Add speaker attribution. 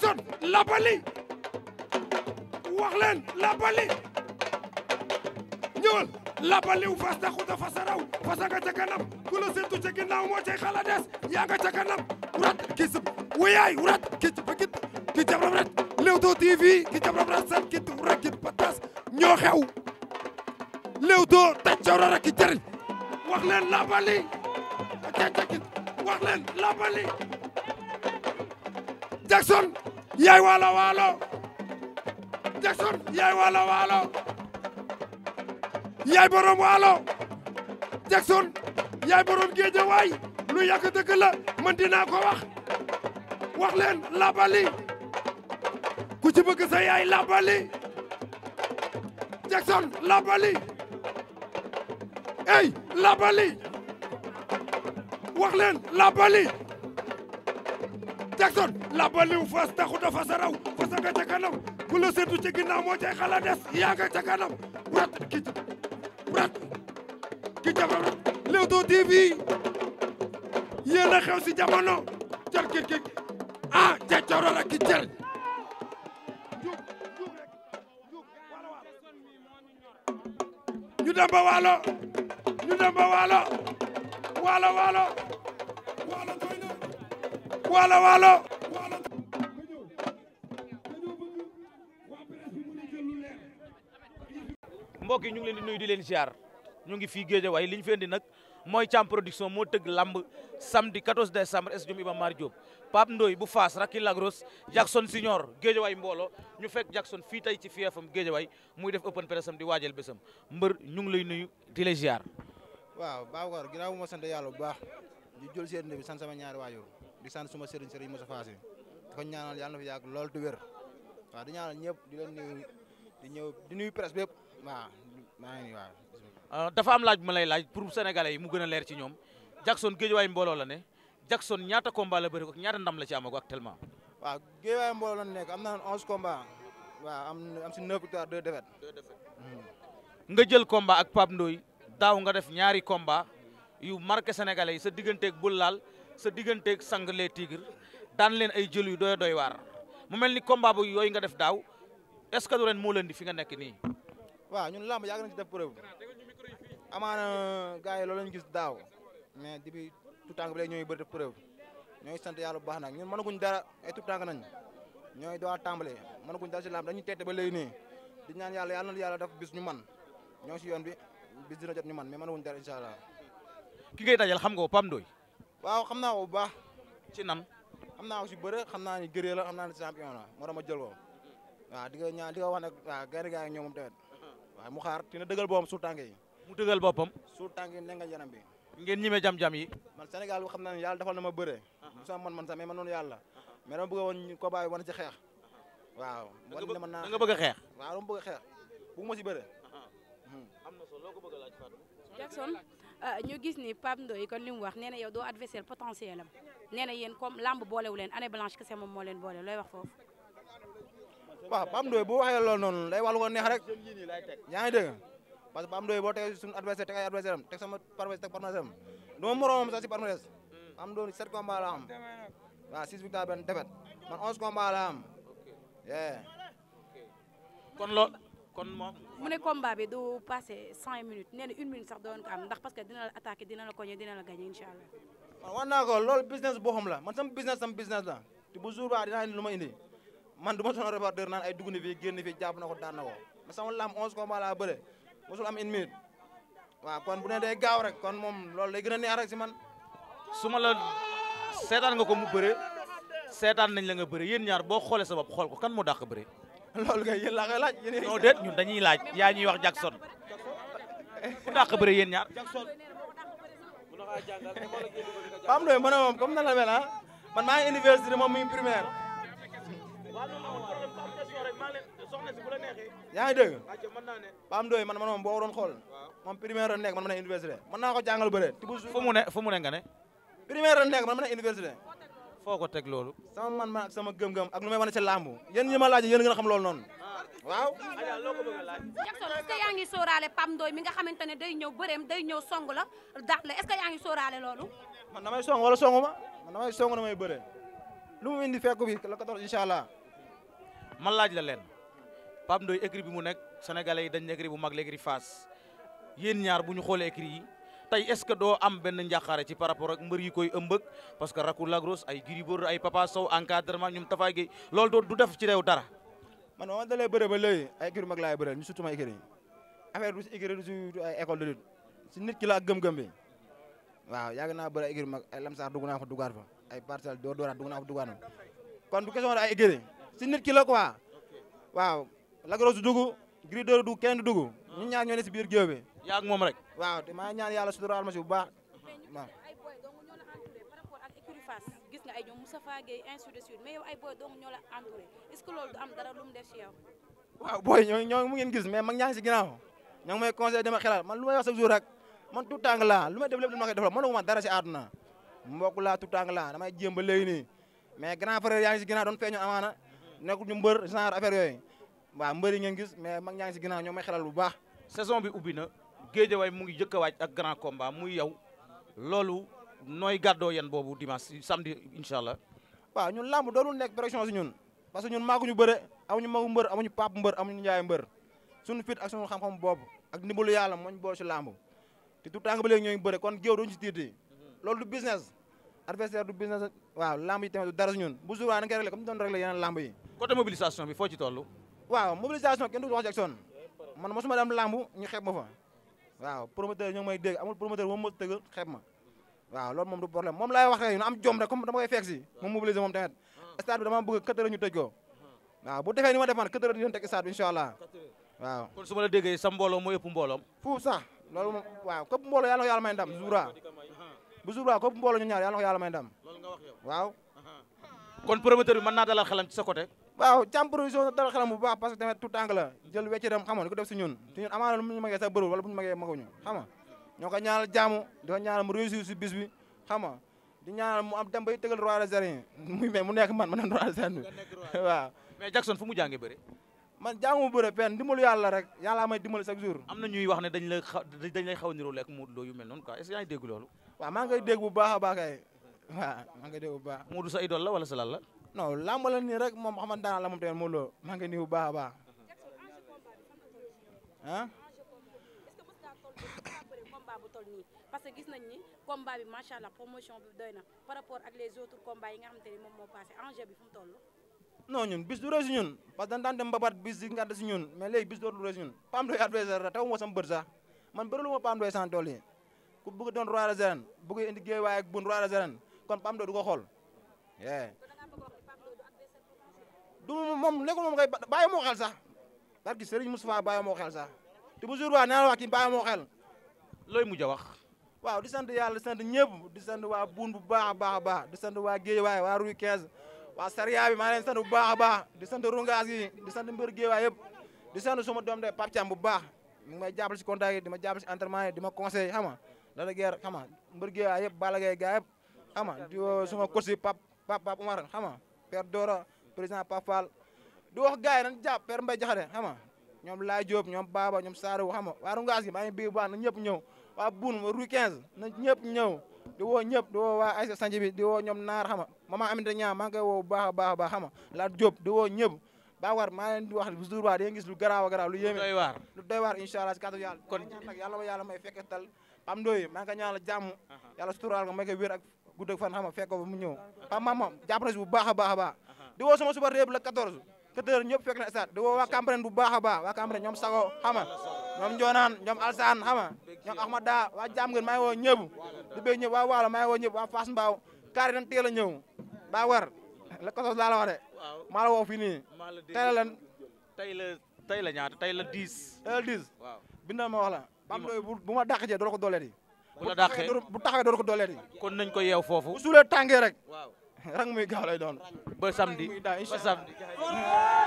Speaker 1: personne la bali wax leen la bali ñëwal la baliw fas taxuta fasa raw fasa nga ca kanam ku la séntu yaa nga ca kanam urat kisib wayaay urat kic rat Leewtoo TV ki rat san kit urat kit patas ñoo xew Leewtoo taj cawra rek ki jëriñ wax leen la bali ca ca kit wax leen la yaay waalo waalo Jackson yaay waalo waalo yaay borom waalo Jackson yaay borom géeje waay lu yàq dëgg la dinaa ko wax wax leen labali ku ci bëgg sa yaay labali Jackson labali ey labali wax leen labali Jackson labaliw fas taxut a fas a a nga ca kanam ku la seetu ci ginnaaw moo cay xala des yaa nga ca ki rat ki jabra Leewtoo TV yéen a xew si jamono jar kit kit ah ja coro la ki jar ñu dem waalo ñu dem waalo waalo waalo waalo waalo waalo
Speaker 2: mbokk yi ñu ngi leen di nuyu di leen ziar ñu ngi fii Guédiawaye li ñu feen di nag mooy Thiam production moo tëgg lamb samedi 14 décembre es jom Iba Mar Diop Pape Ndoye bu Faas Racky Lagros Jackson Senior Guédiawaye mbooloo ñu fekk Jackson fii tey ci fiefam Guédiawaye muy def open press am di waajal bésam mbër ñu ngi lay nuyu di leen ziar.
Speaker 3: waaw Babacar ginnaaw bu ma sant yàlla bu baax di jël seen bi sant sama ñaari waajur di san suma sëriñ sëriñ Moussa Fass dafa ñaanal yàgg lool di wér waaw di ñaanal ñëpp di leen nuyu
Speaker 2: di ñëw di nuyu waaw maa ngi waaw. Ah, dafa am laaj bu ma lay laaj pour sénégalais yi mu gën a leer ci ñoom Jackson géejuwaay mbooloo la ne Jackson ñaata combat la bëri ko ñaata ndam la ci amago actuellement.
Speaker 3: waaw géejuwaay mbooloo la nekk am na 11 combat waaw am am si 9 victoire 2 défaite.
Speaker 2: nga jël combat ak Pape Ndoye daaw nga def ñaari combat yu marqué sénégalais yi sa digganteeg bul laal sa digganteeg sang les tigres daan leen ay jël yu doy doy waar mu mel ni combat bu yooyu nga def daaw est-ce que moo leen fi nga nekk nii.
Speaker 3: waaw ñun làmb yàgg nañ ci def preuve amaana gars yi loolu lañu gis daaw mais depuis tout temps bi léegi ñooy bëri def preuve ñooy sant yàlla bu baax nag ñun mënaguñ dara ay tout temps nañ ñooy doon tàmbale mënaguñ dara si làmb dañuy teete ba léegi nii di ñaan yàlla yàlla na yàlla def bis ñu man ñoo si yoon bi bis dina jot ñu man mais mënaguñ dara incha allah.
Speaker 2: ki ngay dajal xam nga ko Pape Ndoye.
Speaker 3: waaw xam naa ko bu baax. ci nan. xam naa ko si bëre xam naa ni gëree la xam naa ni champion la moo tax ma jël ko di nga ñaan di nga wax nag waaw gerte gaay ak waaye mu xaar dina dëgal boppam suur tànk yi
Speaker 2: mu dëgal boppam
Speaker 3: suur tànk yi ne nga yaram bi
Speaker 2: ngeen ñime jam-jam yi
Speaker 3: man Sénégal xam naa ne yàlla defal na ma bëre bu sama man man sax mais man noonu yàlla mais dama bëgg woon ko bàyyi wan ci xeex waaw wan ne mën naa nga bëgg a xeex waaw dama a xeex bu ma si bëre
Speaker 2: hmm. am a
Speaker 3: laaj ah, ñu gis ni Pape Ndoye kon li mu wax nee na doo adversaire potentiel am nee comme lamb boolewu leen année blanche kese moom moo leen boole looy wax foofu waaw Pape Ndoye bu waxee loolu noonu day wax lu ko neex rek yaa ngi dégg parce que Pape Ndoye boo teg suñu adversaire teg ay adversaire am teg sama parmese teg parmese am duma moroomam sax si parmese am doon mu ne combat bi du passé cinq minutes nee une minute sax doon ko am ndax parce dina la attaqué dina la koñe dina la gagné incha allah. waaw wax ko loolu business boo xam la man sama business sama business la te bu jour ba dinaa lu ma indi man du ma sonn reporter naan ay dugg na fii génn fii jàpp na ko daan ko mais sama lam 11 combats laa bëre mosul am une minute waaw kon bu ne dee
Speaker 2: gaaw rek kon moom loolu lay gën a neex rek si man. su ma la seetaan nga ko mu bëre seetaan nañ la nga bëre yéen ñaar boo xoolee sa bopp xool ko kan moo dàq bëre. loolu kay yéen laa koy laaj yéen non déet ñun dañuy laaj yaa ñuy wax Jackson ku dàq bëre yéen ñaar Jackson.
Speaker 3: Pam Ndoye ma ne moom comme nan la mel ah man maa université moom muy primaire. yaa ngi dégg Pam Ndoye man man moom boo waroon xool moom primaire nekk man ma ne université mën naa ko jàngal bëre
Speaker 2: fu mu ne fu mu ne
Speaker 3: primaire nekk man ma ne
Speaker 2: foo ko teg loolu
Speaker 3: sama man ma ak sama gëm-gëm ak lu may wane ci làmbu yéen ñi ma laaj yéen nga xam loolu noonu waaw
Speaker 2: Jackson
Speaker 3: est-ce que yaa ngi Pam Ndoye mi nga xamante ne day ñëw bëreem day ñëw song la daat la est-ce loolu man damay song wala songu ma man damay song damay bëre lu mu indi fekku bi la 14 incha
Speaker 2: man laaj la leen Pape Ndoye écrit bi mu nekk sénégalais yi dañ ne écrit bu mag l'écrit Fass yéen ñaar bu ñu xoolee écrit yi tey est-ce que doo am benn njàqaare ci par rapport ak mbër yi koy ëmbëg parce que raku lagros ay Gris Bordeaux ay Papa Sow encadrement ñum Tafa Gueye loolu doo du def ci réew dara man ma dalee bëre ba léegi
Speaker 3: ay écrit mag laay bëre ñu surtout ma écrit affaire du si écrit du si ay école de lutte nit ki laa gëm-gëm bi waaw yàgg naa bëre écrit mag ay lamsaar dugg naa fa duggaat fa ay parcelle doo dooraat dugg naa kon du question ay écrit si nit ki la quoi waaw Lac Rose du dugg Gris 2 du kenn du dugg ñun ñaar ñoo ne si biir géew bi yaa ak moom rek waaw maa ñaan yàlla suturaal ma si bu baax waaw gis nga ay ñoom Moustapha Gueye ainsi de suite mais yow ay booy dong ñoo la entouré est-ce que loolu du am dara lu mu def ci yow waaw booy ñoo ñoo mu ngeen gis mais mag ñaa ngi si ginnaaw ñoo ngi may conseillé dama xelal man lu may wax chaque jour rek man tout tàng laa lu may def lépp lu ma koy defal mënu ma dara si àdduna mbokk laa tout tàng laa damay jéem ba léegi nii mais grand frère yaa ngi si ginnaaw doon feeñu amaana nekkul ñu mbër genre affaire yooyu waa mbër yi
Speaker 2: ngeen gis mais mag ñaa ngi si ginnaaw ñoo may xelal bu baax. saison bi ubbi na waay mu ngi jëkk a waaj a grand combat muy yow loolu nooy gàddoo yan boobu dimanche samedi incha allah.
Speaker 3: waaw ñun làmb doonul nekk pression si ñun parce que ñun maak ñu bëre amuñu magu mbër amuñu pap mbër amuñu njaay mbër suñu fit ak suñu xam-xam boob ak ndimbalu yàlla mooñ boo si làmb te tout temps ba léegi ñooy kon géew duñu si tiiti mhm. loolu du business adversaire du business si ñun yi
Speaker 2: côté mobilisation bi foo ci toll.
Speaker 3: waaw mobilisation kenn du wax Jackson man mosuma dem làmb ñu xeeb ma fa waaw promoteur ñoo may dégg amul promoteur moom ma tëggal xeeb ma waaw loolu moom du problème moom laay wax rek ñu am jom rek comme dama koy fekk si mu mobiliser moom tamit stade bi dama bëgg quatre heures ñu tëj ko waaw bu defee ni ma def man quatre heures ñu teg stade bi incha allah
Speaker 2: waaw. kon su ma la déggee sa mbooloo moo ëpp mbooloom.
Speaker 3: fuuf sax loolu moom waaw képp mbooloo yàlla na waaw càmm production dara bu baax parce que tamit tout temps la jël wecciram xam nga ko def si ñun si ñun amaana lu ñu magee sax bëru wala bu ñu maguñu xam ñoo ko ñaanal jaamu di ko ñaanal mu réussir si bis bi xam nga di ñaanal mu am dem bay tëgal roi des mais mu nekk man ma doon roi des
Speaker 2: arènes fu mu jàngee bëri
Speaker 3: man jàngu mu bëre pen dimbalu yàlla rek yàlla may dimbali chaque jour
Speaker 2: am na ñuy wax ne dañ la dañ xaw a niroo lekk Modou Lo yu mel noonu quoi est-ce que yaa ngi dégg loolu
Speaker 3: waaw maa ngi koy dégg bu baax a baax kay waaw maa ngi koy bu baax Modou
Speaker 2: sa idole la wala sa lan la
Speaker 3: non làmb la nii rek moom xam naa la moom tamit Modou Lo maa ngi nii bu baax a baax ah. parce que gis nañ ni combat bi macha allah promotion bi doy na par rapport ak les autres combats yi nga xamante ni
Speaker 2: moom moo passé enjeu bi fu mu toll.
Speaker 3: non ñun bis du rëy si ñun parce que dañ mbabat bis di ngàdd si ñun mais léegi bis dootul rëy si ñun Pam Doy adversaire la taw bët sax man bëri lu ma Pam Doy sans tool yi ku bëgg doon roi des arènes bëgg indi du moom nekkul moom kay bàyyi moo xel sax parce que Serigne Moustapha bàyyi moo xel sax te bu jour waa nee naa wax kii bàyyi moo xel looy mujj a wax. waaw di sant yàlla di sant ñëpp di sant waa buun bu baax a baax a baax di sant waa Guédiawaye waa Rue 15 waa Sariya bi maa leen sant bu baax a baax di sant rungaas yi di sant mbër Guédiawaye yëpp di sant suma doom de Pape Thiam bu baax mi ngi may jàppale si contact yi di ma jàppale si entraînement yi di ma conseil xam nga la la guerre xam nga mbër Guédiawaye yëpp Balla Gaye gaa yëpp xam nga di suma coach Pape Pape Pape Omar xam nga Père Dora président Pape Fall di wax gars yi nañ jàpp Père Mbaye Jaxate xam nga ñoom Laay Diop ñoom Baba ñoom Saaro xam nga waa Rungaas gi maa ngi bii baax na ñëpp ñëw waa Boune Rue 15 na ñëpp ñëw di woo ñëpp di woo waa Aïssa Sanji di woo ñoom Naar xam nga maman Aminata Niang maa ngi woo bu a baax a baax xam di woo ñëpp baa war maa leen di wax bu jour waa di gis lu garaaw a garaaw lu yéeme lu doy waar incha si kàttu yàlla kon nag yàlla ma yàlla may fekk tal pam ndooyu maa ngi ko ñaanal jàmm uh-huh. yàlla suturaal ko may ko mu ñëw pam maam moom jàpp na si bu baax di woo sama suba réeb la 14 4 heures ñëpp a na stade di woo waa Cambérène bu baax a baax waa Cambérène ñoom Sago xama ñoom Njoonaan ñoom Alsaan xama ñoom Ahmada waa Jaam ngeen maa ngi woo ñëpp di béy ñëpp waa Waalo maa ngi woo ñëpp waa Fass Mbaaw kaar dañ teel a ñëw daa la 14 laa la wax la woo fii nii tey la lan
Speaker 2: tey la tey la ñaata tey la
Speaker 3: bu ma dàq jee doo ko doolee di
Speaker 2: bu taxawee doo ko doolee di kon nañ ko yeew foofu bu suulee tàngee rang muy gaaw lay doon ba samedi
Speaker 1: ba